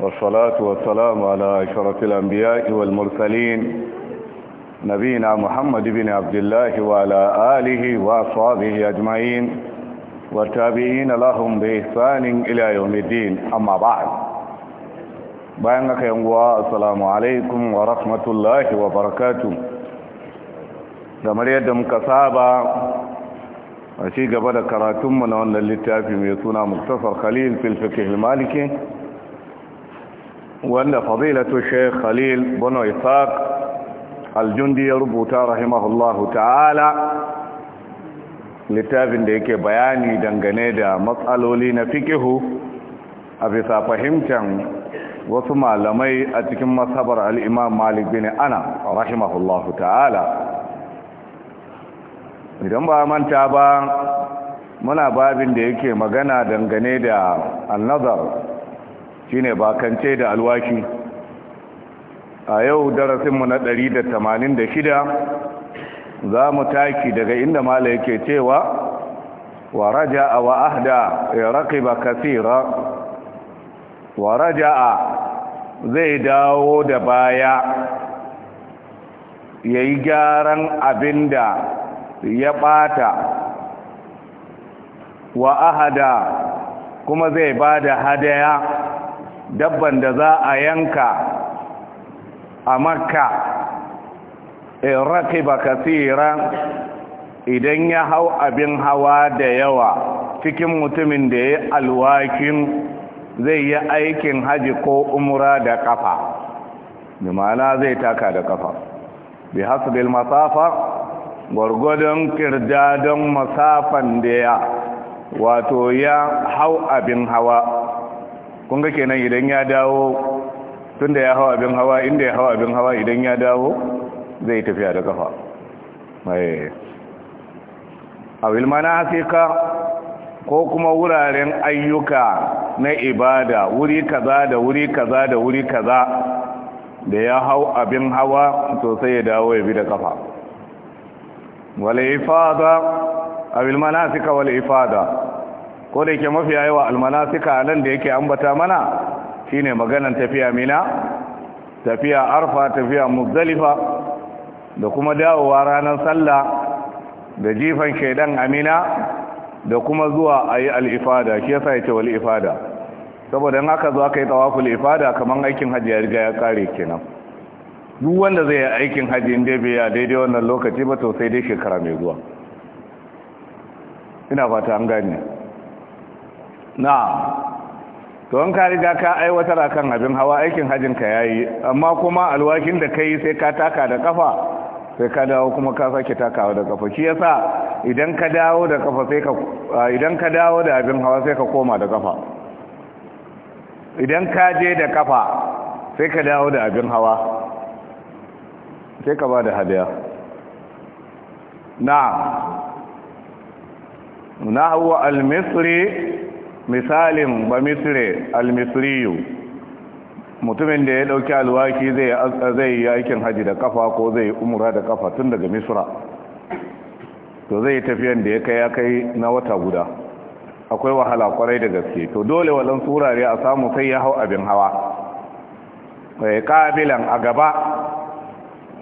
والصلاة والسلام على أشرف الأنبياء والمرسلين نبينا محمد بن عبد الله وعلى آله وأصحابه أجمعين والتابعين لهم بإحسان إلى يوم الدين أما بعد بأنك ينقوى السلام عليكم ورحمة الله وبركاته دمريد yadda muka بدا كراتم من أن da karatunmu na wannan littafi mai suna muktasar wanda fadilatu sheikh khalil bono isaac aljundi ya rubuta rahimahullahu ta'ala littafin da yake bayani dangane da matsaloli na fikihu a bisa fahimtar wasu malamai a cikin masabar al'imam malik bin ana rahimahullahu ta'ala idan ba manta ba muna babin da yake magana dangane da annazar ne bakance da alwashi a yau darasinmu na 186 za mu taki daga inda mala yake cewa wa raja'a wa ahda ya raqiba kathira wa raja'a zai dawo da baya Ya yi gyaran abin da ya ɓata. wa ahada kuma zai ba da hadaya dabban da za a yanka a makka in iraki ba kasira. idan ya hau abin hawa da yawa cikin mutumin da ya yi alwakin zai yi aikin haji ko umra da kafa bi ma'ana zai taka da kafa bi hasbil masafa gwargwadon kirjadon masafan da ya wato ya hau abin hawa kun ga kenan idan ya dawo tunda ya hawa abin hawa inda ya hawa abin hawa idan ya dawo zai tafiya da kafa mai awil mana hafika ko kuma wuraren ayyuka na ibada wuri kaza da wuri kaza da wuri kaza da ya hau abin hawa sosai ya dawo ya bi da kafa wal ifada awil manasika wal ifada ko da yake mafiya yawa almanasika nan da yake ambata mana shine maganan tafiya mina tafiya arfa tafiya muzdalifa da kuma dawowa ranar sallah da jifan shaidan amina da kuma zuwa ayi al-ifada shi yasa yake wal ifada saboda in aka zo aka yi tawaful ifada kaman aikin hajji ya riga ya kare kenan duk wanda zai yi aikin hajji inda bai ya daidai wannan lokaci ba to sai dai shekara mai zuwa ina fata an gane Na to an ka riga ka aiwatar kan abin hawa aikin hajin ka yayi amma kuma alwakin da kai sai ka taka da kafa sai ka dawo kuma ka sake takawa da kafa shi yasa idan ka dawo da kafa sai ka idan ka dawo da abin hawa sai ka koma da kafa idan ka je da kafa sai ka dawo da abin hawa sai ka ba da hadiya na nahwa al-misri misalin ba misre almisriyu mutumin da ya dauki alwaki zai yi aikin haji da kafa ko zai umra da kafa tun daga misra to zai tafiyan da ya kai ya kai na wata guda akwai wahala kwarai da gaske to dole walan surare a samu sai ya hau abin hawa mai eh, kabilan a gaba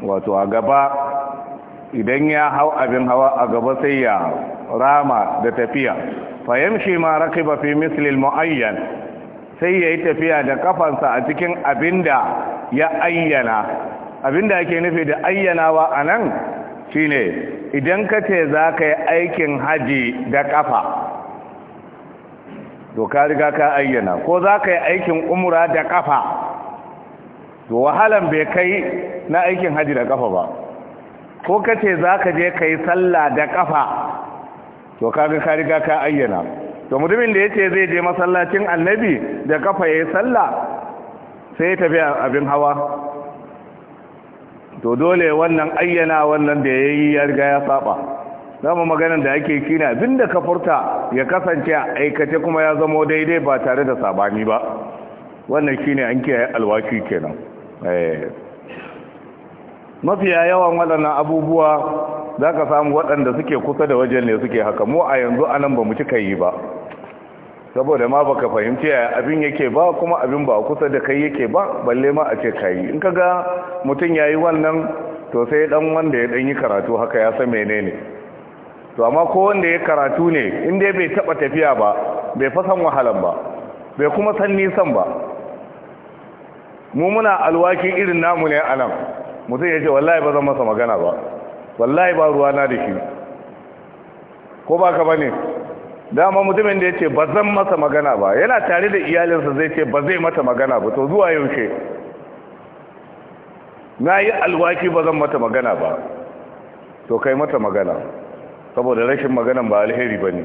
wato a gaba idan ya hau abin hawa a gaba sai ya rama da tafiya fayamshi ma rakiba fi misli al-muayyan sai yayi tafiya da kafansa a cikin abinda ya ayyana abinda yake nufi da ayyanawa anan shine idan kace zaka yi aikin haji da kafa to ka riga ka ayyana ko zaka yi aikin umra da kafa to wahalan bai kai na aikin haji da kafa ba ko kace zaka je kai sallah da kafa to kaga ka riga ka ayyana to mutumin da yace zai je masallacin annabi da kafa yayi sallah sai ya tafi abin hawa to dole wannan ayyana wannan da yayi ya riga ya saba zama maganar da ake kina abinda ka furta ya kasance aikace kuma ya zamo daidai ba tare da sabani ba wannan shine an kiyaye alwaki kenan eh mafiya yawan waɗannan abubuwa za ka samu waɗanda suke kusa da wajen ne suke haka mu a yanzu a nan ba mu cika yi ba saboda ma baka fahimci yaya abin yake ba kuma abin ba kusa da kai yake ba balle ma a ce ka yi in ka ga mutum ya yi wannan to sai dan wanda ya dan yi karatu haka ya san menene to amma ko wanda ya karatu ne in dai bai taba tafiya ba bai fa fasan wahalan ba bai kuma san nisan ba mu muna alwaki irin namu ne anan mutum ya ce wallahi ba zan masa magana ba wallahi ba ruwa na da shi ko ba ka bane dama mutumin da ya ce ba zan masa magana ba yana tare da iyalinsa zai ce ba zai mata magana ba to zuwa yaushe na yi alwaki ba zan mata magana ba to kai mata magana saboda rashin maganan ba alheri ba ne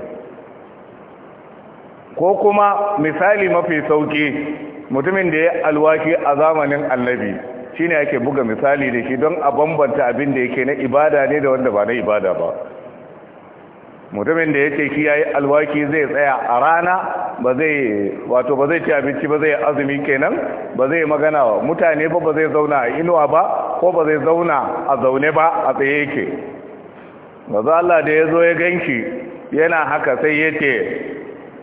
ko kuma misali mafi sauki mutumin da ya yi alwaki a zamanin annabi shine ake buga misali da shi don a bambanta abin da yake na ibada ne da wanda ba na ibada ba mutumin da yake shi yayi alwaki zai tsaya a rana ba zai wato ba zai ci abinci ba zai azumi kenan ba zai magana wa mutane ba ba zai zauna a inuwa ba ko ba zai zauna a zaune ba a tsaye yake maza Allah da ya zo ya ganki yana haka sai ya ce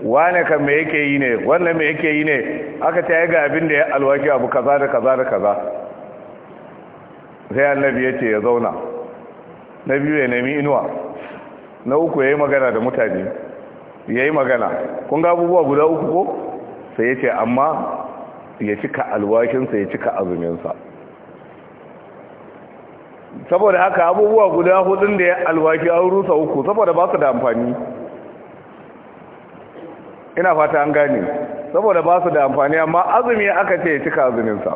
wane kan me yake yi ne wannan me yake yi ne aka ta ga abin da ya alwaki abu kaza da kaza da kaza sai annabi ya ce ya zauna na biyu ya nemi inuwa na uku ya yi magana da mutane ya yi magana kun ga abubuwa guda uku ko sai ya ce amma ya cika alwashinsa ya cika azuminsa saboda haka abubuwa guda hudun da ya alwashi an rusa uku saboda ba su da amfani ina fata an gane saboda ba su da amfani amma azumi aka ce ya cika azuminsa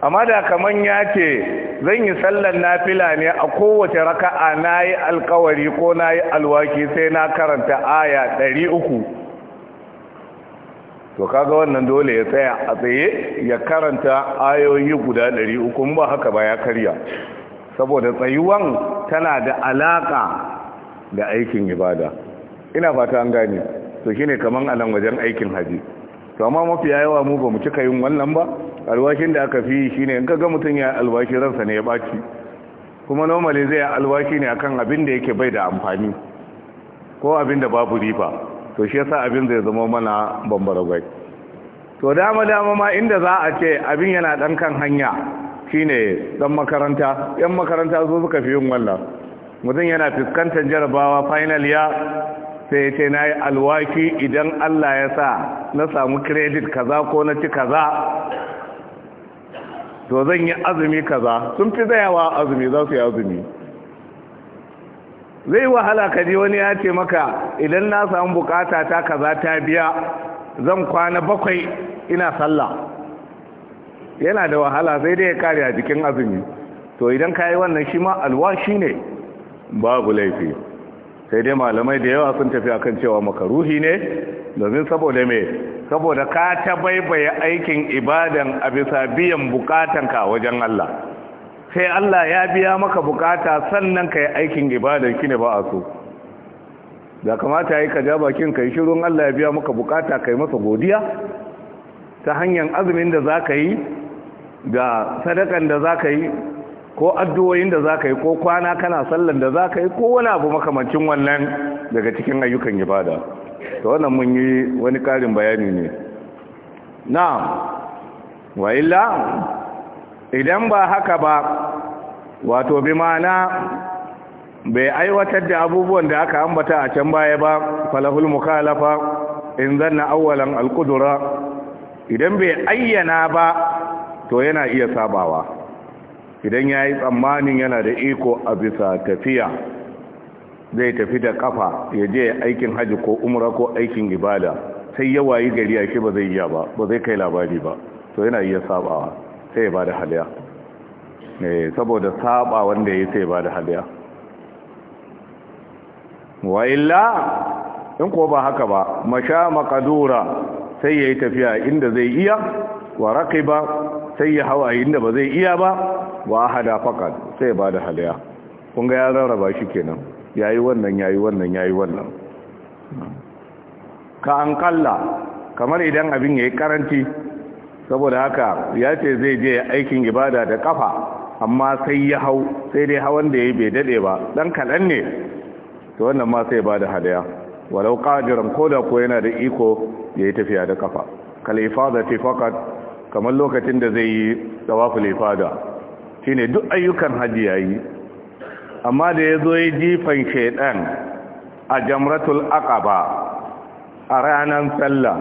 amma da kaman ya ce zan yi sallar nafila ne a kowace raka'a na yi alkawari ko na yi alwaki sai na karanta aya ɗari uku to kaga wannan dole ya tsaya a tsaye ya karanta ayoyi guda ɗari uku ba haka ba ya karya saboda tsayuwan tana da alaƙa da aikin ibada ina fata an gane to shine kaman nan wajen aikin haji to amma mafi yawa mu ba mu cika yin wannan ba alwashin da aka fi shine in ga mutum ya alwashi ransa ne ya baci kuma normally zai alwashi ne akan abin da yake bai da amfani ko abin da babu riba to shi yasa abin zai zama mana bambara gwai to dama dama ma inda za a ce abin yana dan kan hanya shine dan makaranta yan makaranta zo suka fi yin wannan mutum yana fuskantar jarabawa final ya sai ya ce na yi alwaki idan Allah ya sa na samu kredit kaza ko na ci kaza to zan yi azumi kaza sun fi zayawa azumi za su yi azumi zai wahala ka wani ya ce maka idan na samu bukata ta kaza ta biya zan kwana bakwai ina sallah yana da wahala sai dai ya kare a jikin azumi to idan ka yi wannan shi ma alwashi ne babu laifi sai dai malamai da yawa sun tafi akan cewa makaruhi ne domin saboda me saboda ka ta baibaye aikin ibadan a bisa biyan bukatanka wajen Allah sai Allah ya biya maka bukata sannan ka yi aikin ibadan ki ne ba a so da kamata yi ka ja bakin ka yi shirun Allah ya biya maka bukata ka masa godiya ta hanyar azumin da za ka yi da sadakan da za ka yi ko addu'o'in da zaka yi ko kwana kana sallan da zaka yi ko wani abu makamancin wannan daga cikin ayyukan ibada to wannan mun yi wani karin bayani ne na'am wa illa idan ba haka ba wato bi ma'ana bai aiwatar da abubuwan da aka ambata a can baya ba falahul mukhalafa in zanna awwalan alqudra idan bai ayyana ba to yana iya sabawa idan ya yi tsammanin yana da iko a bisa tafiya zai tafi da kafa ya je aikin hajji ko umra ko aikin ibada sai ya wayi gari shi ba zai iya ba ba zai kai labari ba to yana iya sabawa sai ya ba da haliya eh, saboda saba wanda ya yi sai ba da haliya wa in ko ba haka ba masha makadura sai ya yi tafiya inda zai iya wa ba sai ya hawa inda ba zai iya ba wa hada faqat sai ba da haliya kun ga ya rarraba shi kenan yayi wannan yayi wannan yayi wannan ka an kalla kamar idan abin yayi karanti saboda haka ya ce zai je aikin ibada da kafa amma sai ya hau sai dai hawan da yayi bai dade ba dan kaɗan ne to wannan ma sai ba da haliya walau qadiran koda ko yana da iko yayi tafiya da kafa kalifada fi faqat kamar lokacin da zai yi tawaful ifada Shi ne duk ayyukan hajji yi amma da ya zo ya jifan shaidan a jamratul aqaba a ranar sallah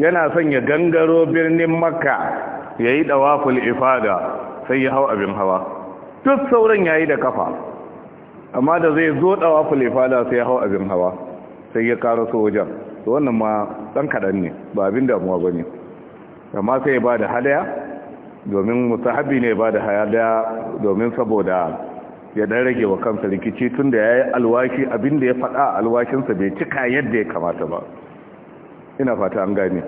yana son ya gangaro birnin makka ya yi ɗawaful ifada sai ya hau abin hawa duk sauran ya yi da kafa amma da zai zo ɗawaful ifada sai ya hau abin hawa sai ya karo su wajen wannan ma ɗan kaɗan ne ba abin damuwa ba ne amma sai ya ba da hadaya domin musahabi ne ba da daya domin saboda ya dan rage wa kansa rikici tun da ya yi alwashi abinda ya faɗa alwashinsa bai cika yadda ya kamata ba ina fata an gane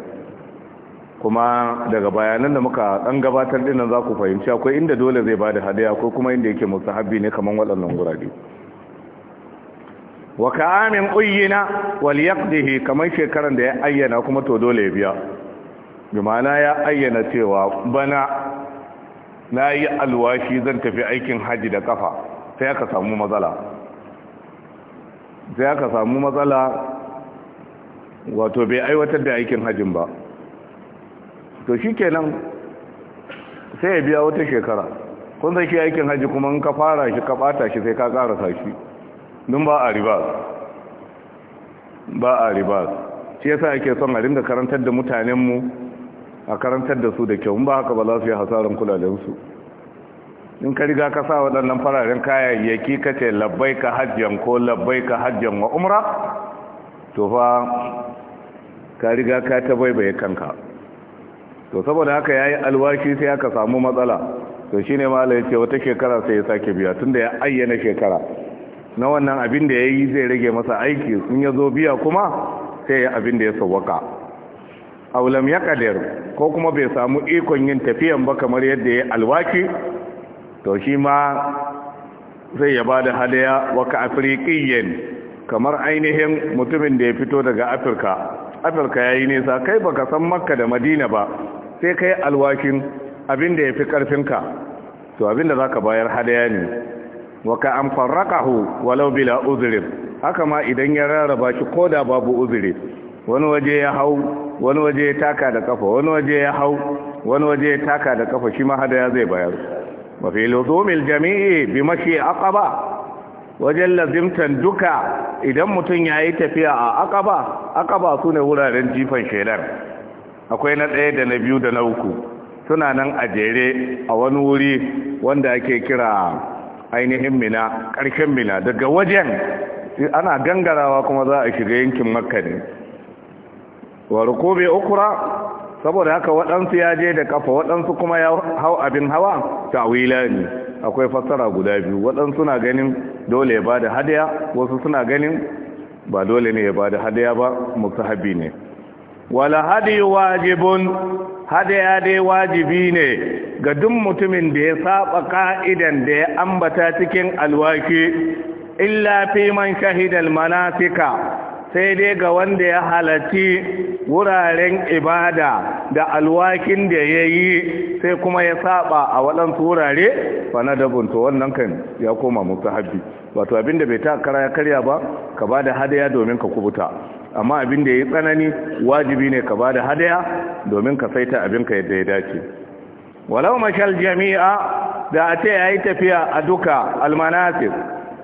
kuma daga bayanan da muka ɗan gabatar dinan za ku fahimci akwai inda dole zai ba da hadaya ko kuma inda yake musahabi ne kamar waɗannan gurabe wa ka'amin uyyina wal yaqdihi kamar shekaran da ya ayyana kuma to dole ya biya bi ya ayyana cewa bana na yi alwashi zan tafi aikin haji da kafa sai aka samu matsala sai aka samu matsala wato bai aiwatar da aikin hajin ba to shi kenan sai ya biya wata shekara kun sai shi aikin haji kuma in ka fara shi ka bata shi sai ka karasa shi don ba a riba ba a riba shi yasa ake son a ringa karantar da mutanenmu a karantar da su da kyau ba haka ba za su yi hasarar kulalensu in ka riga ka sa waɗannan fararen kayayyaki ka ce labbai ka hajjan ko labbai ka hajjan wa umra to fa ka riga ka ta baibaye kanka to saboda haka ya yi alwashi sai aka samu matsala to shi ne mala ya ce wata shekara sai ya sake biya tun da ya ayyana shekara na wannan abin da ya yi zai rage masa aiki sun ya zo biya kuma sai ya abin da ya sawwaka aulam ya kadir ko kuma bai samu ikon yin tafiyan ba kamar yadda ya alwaki to shi ma zai ya ba da hadaya waka kamar ainihin mutumin da ya fito daga afirka afirka ya yi nisa kai baka san makka da madina ba sai kai alwakin abin da ya fi karfinka to abin da za ka bayar hadaya ne waka ka an walau bila uzurin haka ma idan ya rarraba shi ko da babu uzuri wani waje ya hau wani waje ya taka da kafa wani waje ya hau wani waje ya taka da kafa shi ma ya zai bayar wa fi luzumil jami'i bi mashi aqaba wajen lazimtan duka idan mutum ya yi tafiya a akaba akaba su ne wuraren jifan shelar akwai na ɗaya da na biyu da na uku suna nan a jere a wani wuri wanda ake kira ainihin mina ƙarshen mina daga wajen ana gangarawa kuma za a shiga yankin makka ne wa rukubi ukura saboda haka waɗansu ya je da kafa waɗansu kuma ya hau abin hawa tawila ne akwai fassara guda biyu waɗansu na ganin dole ya bada hadaya wasu suna ganin ba dole ne ya bada hadaya ba musahabi ne wala hadi wajibun hadiya dai wajibi ne ga duk mutumin da ya saba ka'idan da ya ambata cikin alwaki illa fi man shahidal manasika sai dai ga wanda ya halarci wuraren ibada da alwakin da ya yi sai kuma ya saba a waɗansu wurare ba na dabunta wannan kan ya koma musu haɗi wato abinda bai ta kara ya karya ba ka ba da hadaya domin ka kubuta amma abinda ya yi tsanani wajibi ne ka ba da hadaya domin ka saita abinka yadda ya dace walau mashal jami'a da a ce ya yi tafiya a duka almanasis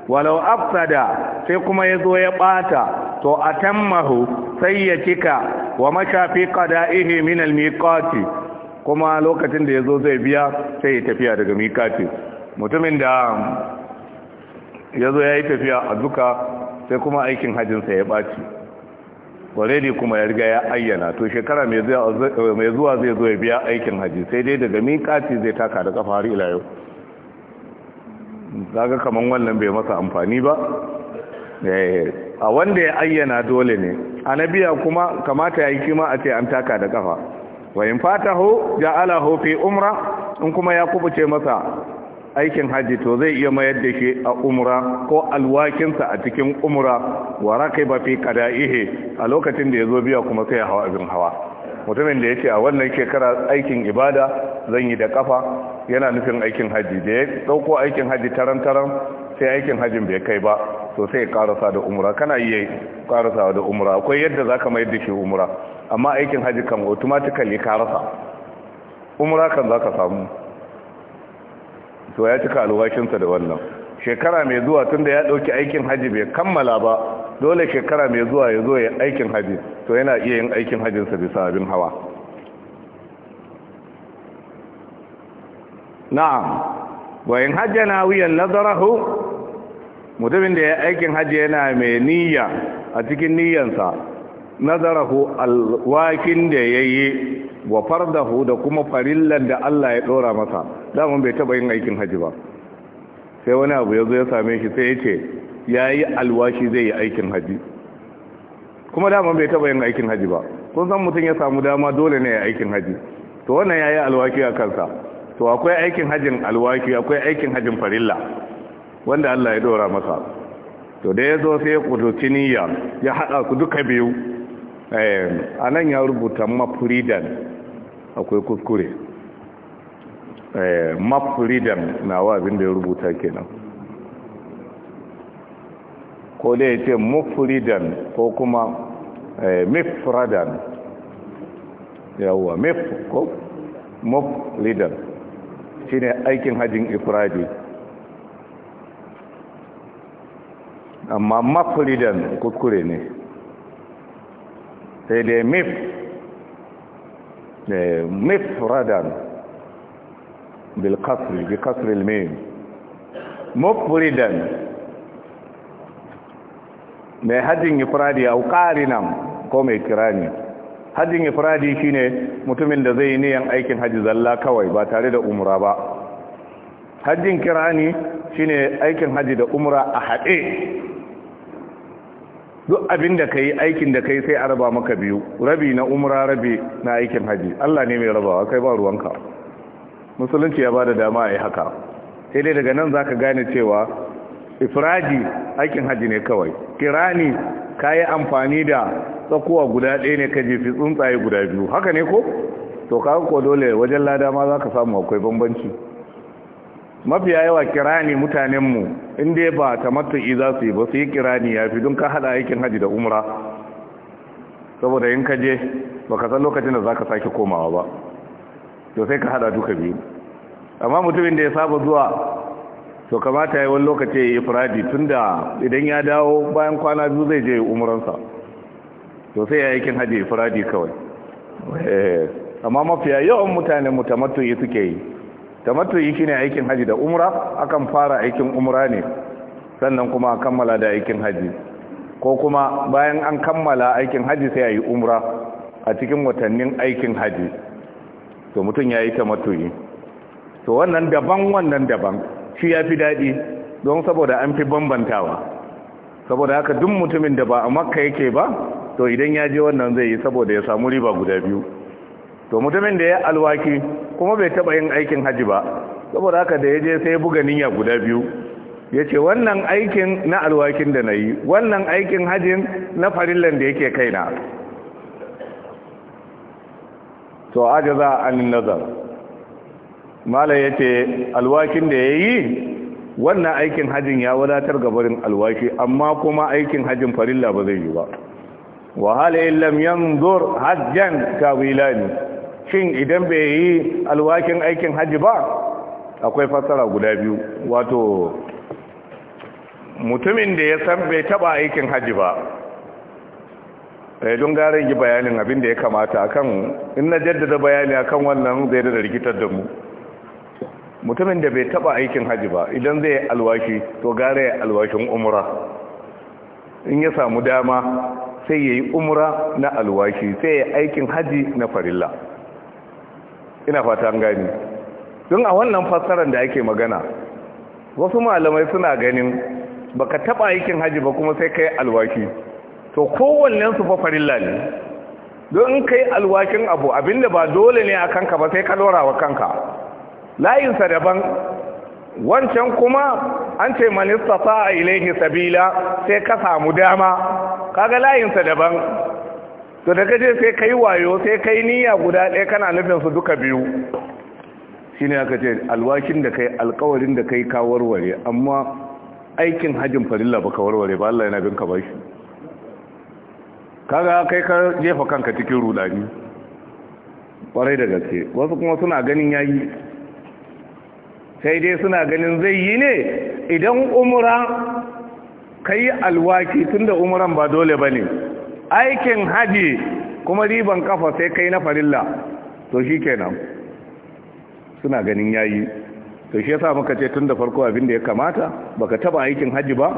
walau afsada sai kuma ya zo ya ɓata to atammahu sai ya cika wa mashafi qada'ihi min al kuma lokacin da yazo zai biya sai ya tafiya daga miqati mutumin da yazo yayi tafiya a duka sai kuma aikin hajjin sa ya baci already kuma ya riga ya ayyana to shekara mai zuwa zai zo ya biya aikin haji sai dai daga miqati zai taka da kafa har ila yau kaga kaman wannan bai masa amfani ba eh a wanda ya ayyana dole ne a na biya kuma kamata ya yi kima a ce an taka da kafa wayin fatahu ja'alahu fi umra in kuma ya kubuce masa aikin haji to zai iya mayar da shi a umra ko alwakinsa a cikin umra wa raqiba fi qada'ihi a lokacin da yazo biya kuma sai ya hawa abin hawa mutumin da yake a wannan shekara aikin ibada zan yi da kafa yana nufin aikin haji da ya dauko aikin haji tarantaran sai aikin hajjin bai kai ba to sai karasa da umra kana iya karasa da umra akwai yadda za ka mayar da shi umra amma aikin hajji kan automatically ka rasa umra kan za ka samu to ya cika alwashinsa da wannan shekara mai zuwa tunda ya ɗauki aikin hajji bai kammala ba dole shekara mai zuwa ya zo ya aikin hajji to yana iya yin aikin sa bisa abin hawa na'am wa in hajja wuyan nazarahu mutumin da ya aikin hajji yana mai niyya a cikin niyyansa nazarahu alwakin da ya yi wa fardahu da kuma farillan da Allah ya ɗora masa daman bai taɓa yin aikin hajji ba sai wani abu ya zo ya same shi sai ya ce ya yi alwashi zai yi aikin hajji kuma daman bai taɓa yin aikin hajji ba kun san mutum ya samu dama dole ne ya aikin hajji to wannan ya yi alwashi a kansa to akwai aikin hajjin alwaki akwai aikin hajin farilla wanda Allah ya dora masa to da ya zo sai ya niyya ya haɗa su duka biyu ehm, a nan ya rubuta mafridan akwai kuskure ehm, mafridan na abin da ya rubuta kenan ko da ya ce ko kuma eh, mifradan yawwa mif ko mafridan ne aikin hajjin ifradi amma mafridan kuskure ne sai dai mif eh, mifradan bil kasri bi kasri al-mim mafridan mai hajjin ifradi au qarinan ko mai kirani hajjin ifradi shine mutumin da zai niyan aikin haji zalla kawai ba tare da umra ba hajjin kirani shine aikin haji da umra a haɗe duk abin da ka yi aikin da ka sai a raba maka biyu rabi na umra rabi na aikin haji Allah ne mai rabawa kai ba ruwanka musulunci ya ba da dama a yi haka sai dai daga nan za ka gane cewa ifradi aikin haji ne kawai kirani ka yi amfani da tsakuwa guda ɗaya ne ka jefi tsuntsaye guda biyu haka ne ko to kawo ko dole wajen lada ma za ka samu akwai bambanci mafiya yawa ne mutanenmu inda ba ta matu'i za su yi ba su yi kira ne ya fi don ka haɗa aikin haji da umra saboda yin kaje ba ka san lokacin da za ka sake komawa ba to sai ka haɗa duka biyu amma mutumin da ya saba zuwa to kamata yi wani lokaci ya yi tun da idan ya dawo bayan kwana biyu zai je umuransa to sai ya aikin hajji ifradi kawai eh, amma mafiya yawan mutane mu yi suke yi tamattuyi shine aikin hajji da umra akan fara aikin umra ne sannan kuma a kammala da aikin hajji ko kuma bayan an kammala aikin hajji sai a yi umra a cikin watannin aikin hajji to mutum ya yi yi to wannan daban wannan daban shi ya fi daɗi don saboda an fi bambantawa saboda haka duk mutumin da ba a makka yake ba to idan ya je wannan zai yi saboda ya samu riba guda biyu to mutumin da ya alwaki kuma bai taɓa yin aikin haji ba saboda haka da ya je sai ya buga niyya guda biyu ya ce wannan aikin na alwakin da na yi wannan aikin hajin na farillan da yake na. to ajaza an nazar mala ya ce alwakin da ya yi wannan aikin hajjin ya wadatar gabarin alwaki amma kuma aikin hajjin farilla ba zai yi ba wahala illam yanzur hajjan tawilani shin idan bai yi alwakin aikin hajji ba akwai fassara guda biyu wato mutumin da ya san bai taba aikin hajji ba eh, don gara yi bayanin abin da ya kamata akan in na jaddada bayani akan wannan zai da rikitar da mu mutumin da bai taba aikin haji ba idan zai yi alwashi to gara ya alwashin umura. in ya samu dama sai ya yi umra na alwashi sai ya aikin haji na farilla ina fata gani don a wannan fassarar da ake magana wasu malamai suna ganin baka taba aikin haji ba kuma sai kai alwashi to kowannen su fa farilla ne don kai alwashin abu abinda ba dole ne a kanka ba sai ka lura wa kanka layinsa daban wancan kuma an ce manista sa'a ilaihi sabila sai ka samu dama kaga layinsa daban to da kaje sai kai wayo sai kai niyya guda ɗaya kana nufin su duka biyu Shi ne aka ce alwakin da kai alkawarin da kai ka warware amma aikin hajjin farilla ba warware ba Allah yana binka bashi kaga kai ka jefa kanka cikin rudani kwarai da gaske wasu kuma suna ganin yayi sai dai suna ganin zai yi ne idan umura ka yi alwaki tun da umuran ba dole ba ne aikin haji kuma riban kafa sai kai na farilla to shi kenan suna ganin yayi to shi yasa muka ce tun da farko abin da ya kamata baka taba aikin haji ba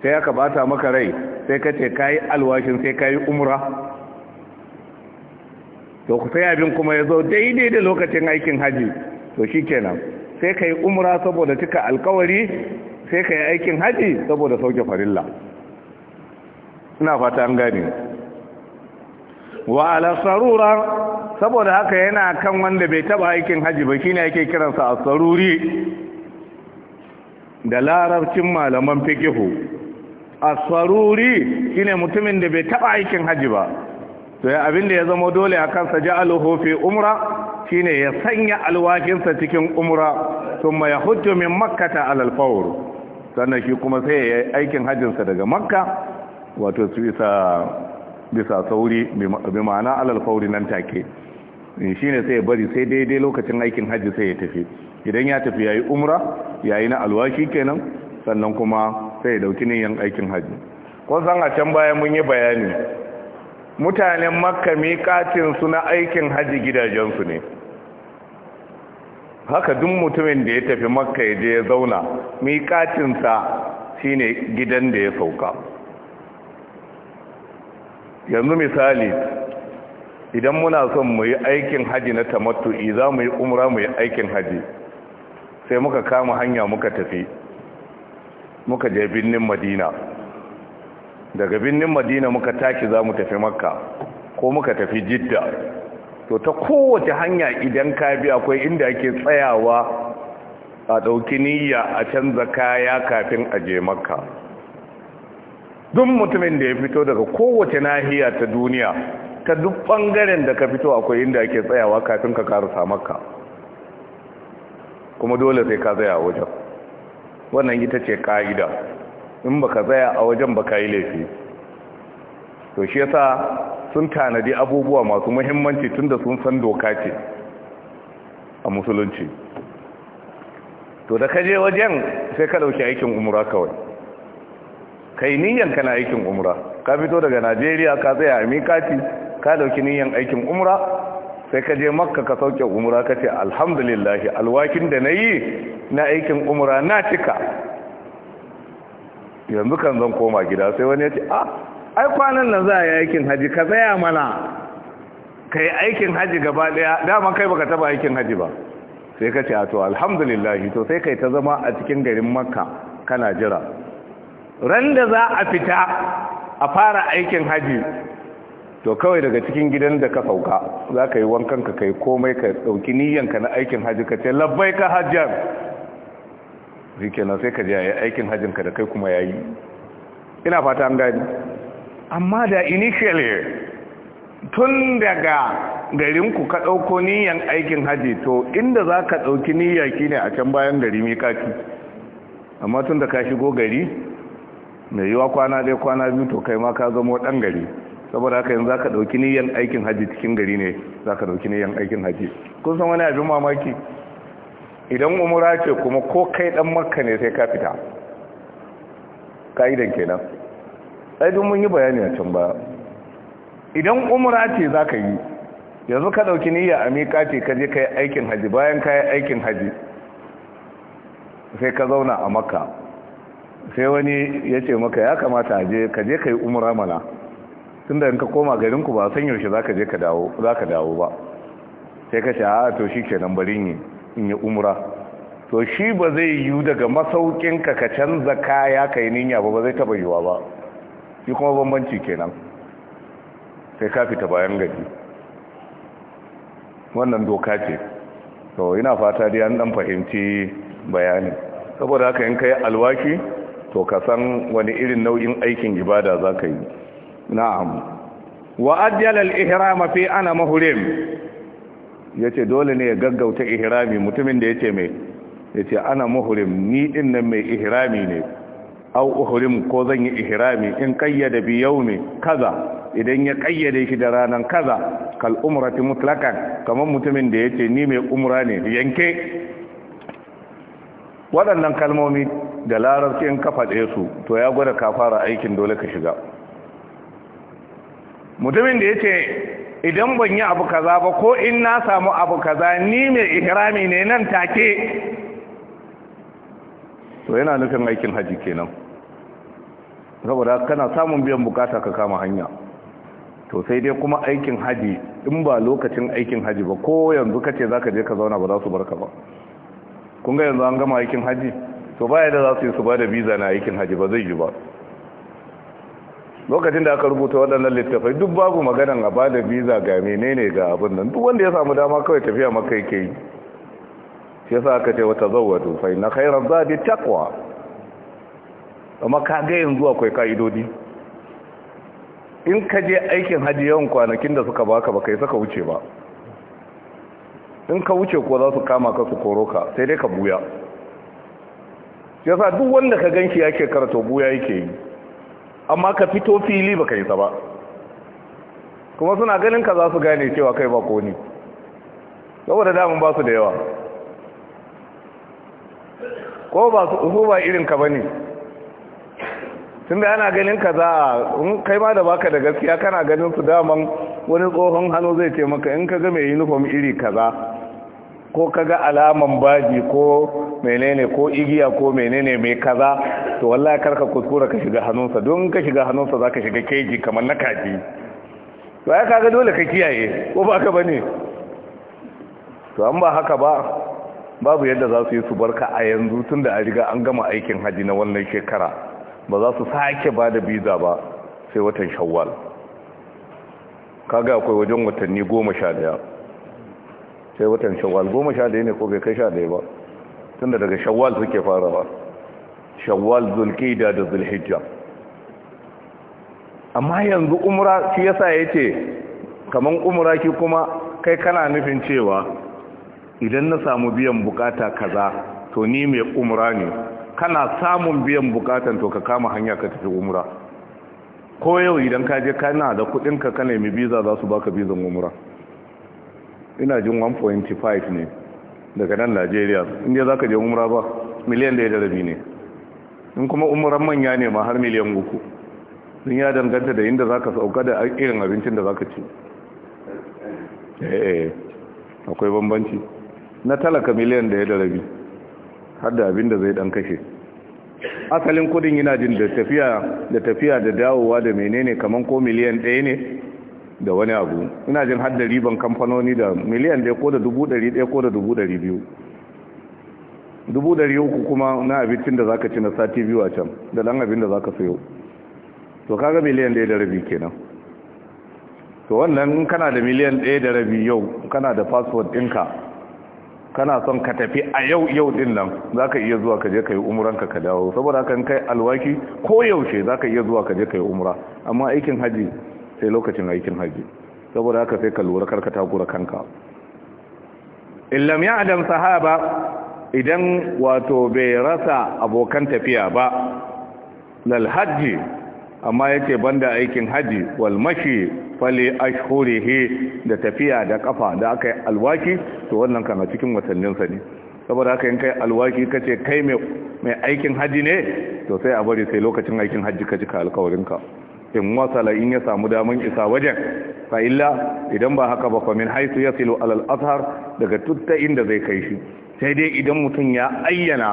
sai aka bata maka rai sai ka ce kai alwashin sai kai umra to sai abin kuma ya zo daidai da lokacin aikin haji to shi kenan sai ka yi umra saboda cika alkawari sai ka yi aikin haji saboda sauke farilla ina fata an gani wa alasarura saboda haka yana kan wanda bai taba aikin haji ba shine yake kiransa asaruri da larabcin malaman fikihu asaruri shine mutumin da bai taba aikin haji ba to abinda ya zama dole a kansa ja'aluhu fi umra shine ya sanya alwakinsa cikin umra ya hujjo min makkata alal sannan shi kuma sai ya aikin hajjinsa daga makka wato su bisa sauri bi ma'ana alal nan take shi ne sai ya bari sai daidai lokacin aikin hajji sai ya tafi idan ya tafi ya yi umra ya yi na alwaki kenan sannan kuma sai ya dauki niyan aikin hajji kun san a can baya mun yi bayani mutanen makka miƙatinsu na aikin haji gidajensu ne haka duk mutumin da ya tafi makka ya je ya zauna miƙatinsa shine gidan da ya sauka yanzu misali idan muna son mu yi aikin haji na tamattu'i za mu yi umra mu yi aikin haji sai muka kama hanya muka tafi muka je birnin madina daga birnin madina muka tashi za mu tafi makka ko muka tafi jidda to ta kowace hanya idan ka bi akwai inda ake tsayawa a ɗauki niyya a canza kaya kafin a je makka duk mutumin da ya fito daga kowace nahiya ta duniya ta duk bangaren da ka fito akwai inda ake tsayawa kafin ka karasa makka kuma dole sai ka tsaya wajen wannan ita ce ka'ida in baka tsaya a wajen baka yi laifi to shi yasa sun tanadi abubuwa masu muhimmanci tunda sun san doka ce a musulunci to da kaje wajen sai ka dauki aikin umra kawai kai niyan kana aikin umra ka fito daga Najeriya ka tsaya a mikati ka dauki niyan aikin umra sai ka je makka ka sauke umra ka ce alhamdulillah alwakin da nayi na aikin umra na cika yanzu kan zan koma gida sai wani ya ce a ah, ai kwanan nan za a yi aikin haji ka tsaya mana ka yi aikin haji gaba daya dama kai baka taba aikin haji ba sai ka ce a ah, to alhamdulillah to sai kai ta zama a cikin garin makka kana jira ran da za a fita a fara aikin haji to kawai daga cikin gidan da ka sauka za ka yi wankan ka kai komai ka ɗauki niyyanka na aikin haji ka ce labbai ka hajjar shi sai ka ji ya aikin ka da kai kuma ya yi ina fata an gani amma da initially tun daga garinku ka ɗauko niyan aikin haji to inda za ka ɗauki niyya ki ne a can bayan gari kaci amma tun da ka shigo gari mai yiwa kwana dai kwana biyu to kai ma ka zamo ɗan gari saboda haka yanzu za ka ɗauki niyan aikin haji cikin gari ne za ka ɗauki niyan aikin haji kun san wani abin mamaki idan umura ce kuma ko kai dan makka ne sai ka fita ka'idan kenan Sai dun mun yi bayani a can ba idan umura ce za ka yi yanzu ka ɗauki niyya a miƙa ce ka je ka yi aikin haji bayan ka yi aikin haji sai ka zauna a makka sai wani ya ce maka ya kamata je ka je ka yi umura mana tun da ka koma garinku ba san yaushe za ka je ka dawo ba sai ka ce a to shi kenan barin yi in yi umra to shi ba zai yiwu daga masaukin ka canza kaya ka yi ninya ba ba zai taba yiwa ba shi kuma bambanci kenan sai ka fita bayan gari wannan doka ce to ina fata dai an dan fahimci bayani saboda haka in kai alwaki to ka san wani irin nau'in aikin ibada za ka yi na'am wa ajjala al mafi ana mahurin ya ce dole ne ya gaggauta ihrami mutumin da ya ce mai ya ce ana muhurim ni din nan mai ihrami ne au uhurim ko zan yi ihrami in kayyada bi ne kaza idan ya kayyade shi da ranar kaza kal umrati mutlaqan kamar mutumin da ya ce ni mai umra ne yanke waɗannan kalmomi da larabci in kafa ɗaya su to ya gwada ka fara aikin dole ka shiga mutumin da ya ce. idan ban yi abu kaza ba ko in na samu abu kaza ni mai ihrami ne nan take to yana nufin aikin haji kenan saboda kana samun biyan bukata ka kama hanya to sai dai kuma aikin haji in ba lokacin aikin haji ba ko yanzu kace zaka je ka zauna ba za su barka ba kun ga yanzu an gama aikin haji to baya da za su yi su ba da visa na aikin haji ba zai yi ba lokacin da aka rubuta waɗannan littafai duk babu maganan a bada visa ga menene ga abin nan duk wanda ya samu dama kawai tafiya maka yake yi shi yasa aka ce wata zawwadu fa na khayra zadi takwa. amma ka ga yanzu akwai kaidodi in ka je aikin haji yawan kwanakin da suka baka ba kai saka wuce ba in ka wuce ko za su kama ka su koro ka sai dai ka buya yasa duk wanda ka ganki yake karatu buya yake yi amma ka fito fili ka yi sa ba kuma suna ganin ka za su gane cewa kai ba ko ni saboda damun ba su da yawa ko ba su ba irin ka ne tun da yana ganin ka za a kai ma da baka da gaskiya kana ganin su daman wani tsohon hannu zai ce maka in ka ga mai uniform iri kaza ko kaga alaman baji ko menene ko igiya ko menene mai kaza to wallahi karka kuskura ka shiga hannunsa don ka shiga hannunsa zaka shiga keji kamar na kaji to ai kaga dole ka kiyaye ko ba ka bane to an ba haka ba babu yadda za su yi su barka a yanzu tunda a riga an gama aikin haji na wannan shekara ba za su sake ba da biza ba sai watan shawwal kaga akwai wajen watanni goma sha daya sai watan shawwal goma sha ɗaya ne ko bai kai sha ɗaya ba tunda daga shawwal suke fara ba shawwal zulkida da zulhijja amma yanzu umra shi yasa yace kamar umra ki kuma kai kana nufin cewa idan na samu biyan bukata kaza to ni mai umra ne kana samun biyan bukatan to ka kama hanya ka tafi umra ko yau idan ka je kana da kudinka ka kana mai biza za su baka bizan umra ina jin 1.5 ne daga nan najeriya inda za ka je umra ba miliyan ɗaya da rabi ne in kuma umran manya ne ma har miliyan uku sun ya danganta da inda za ka sauka da irin abincin da za ka ci eh, akwai bambanci na talaka miliyan ɗaya da rabi har da abin da zai dan kashe asalin kudin yana jin da tafiya da tafiya da dawowa da menene kaman ko miliyan ɗaya ne da wani abu ina jin hada riban kamfanoni da miliyan ɗaya ko da dubu dari ɗaya ko da dubu dari biyu dubu dari uku kuma na abincin da zaka ci na sati biyu a can da dan abin da zaka sayo to kaga miliyan ɗaya da rabi kenan to wannan in kana da miliyan ɗaya da rabi yau kana da fasfot ɗinka kana son ka tafi a yau yau ɗin nan za ka iya zuwa ka je ka yi umuranka ka dawo saboda kan kai alwaki ko yaushe za ka iya zuwa ka je ka yi umura amma aikin haji sai lokacin aikin haji saboda haka sai ka lura karka takura kanka illam ya adam sahaba idan wato bai rasa abokan tafiya ba lal haji amma yake banda aikin haji wal mashi fali ashhurihi da tafiya da kafa da aka yi alwaki to wannan kana cikin watanninsa ne saboda haka in kai alwaki kace kai mai aikin haji ne to sai a bari sai lokacin aikin haji ka cika alkawarinka in wasala in ya samu daman isa wajen fa illa idan ba haka ba famin min ya yasilu alal azhar daga tutta inda zai kai shi sai dai idan mutum ya ayyana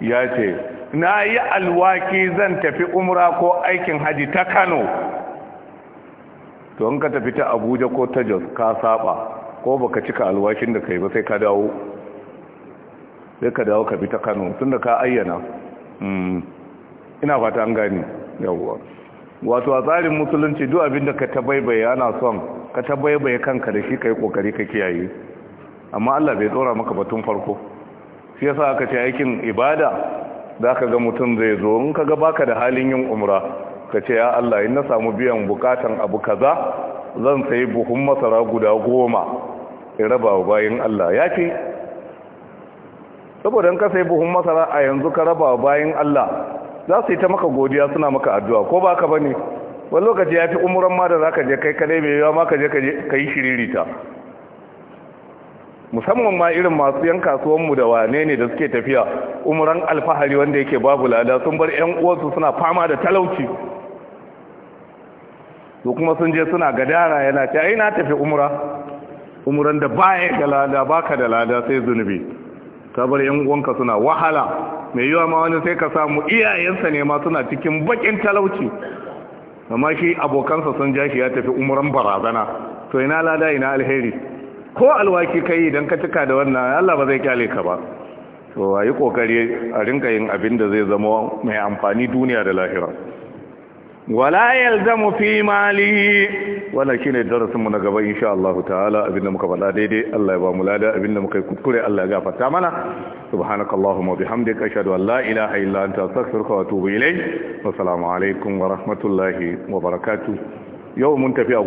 ya ce na yi alwaki zan tafi umra ko aikin haji ta kano to in ka tafi ta abuja ko ta jos ka saba ko baka cika alwashin da kai ba sai ka dawo sai ka dawo ka bi ta kano tunda ka ayyana hmm. ina fata an gani yawwa wato a tsarin musulunci duk abin da ka tabaibai ana son ka tabaibai kanka da shi kai kokari ka kiyaye amma Allah bai tsora maka batun farko shi yasa aka ce aikin ibada zaka ga mutum zai zo in kaga baka da halin yin umra ka ce ya Allah in na samu biyan bukatan abu kaza zan sayi buhun masara guda goma in raba wa bayin Allah ya ce saboda in ka sayi buhun masara a yanzu ka raba wa bayin Allah za su yi ta maka godiya suna maka addu'a ko ba ka bane wani lokaci ya fi umuran ma da za ka je kai kadai mai yawa ma ka je ka yi shiririta musamman ma irin masu yan kasuwanmu da wane ne da suke tafiya umuran alfahari wanda yake babu lada sun bar yan uwansu suna fama da talauci su kuma sun je suna gadara yana ce ai na tafi umura umuran da baya da lada baka da lada sai zunubi ka bar yan uwanka suna wahala mai yiwa ma wani sai ka samu iyayensa ne ma suna cikin bakin talauci amma shi abokansa sun ja shi ya tafi umuran barazana to ina lada ina alheri ko alwaki kai idan ka cika da wannan Allah ba zai kyale ka ba to yi kokari a rinka yin abin da zai zama mai amfani duniya da lahira wala mu fi mali. wannan shine darasinmu na gaba insha Allah ta'ala abinda muka faɗa daidai Allah ya ba mu lada abinda muka yi kuskure Allah ya gafarta mana subhanakallahumma bihamdika ashhadu an la ilaha illa anta astaghfiruka wa atubu ilayk wa assalamu alaikum wa rahmatullahi wa barakatuh yau mun tafi a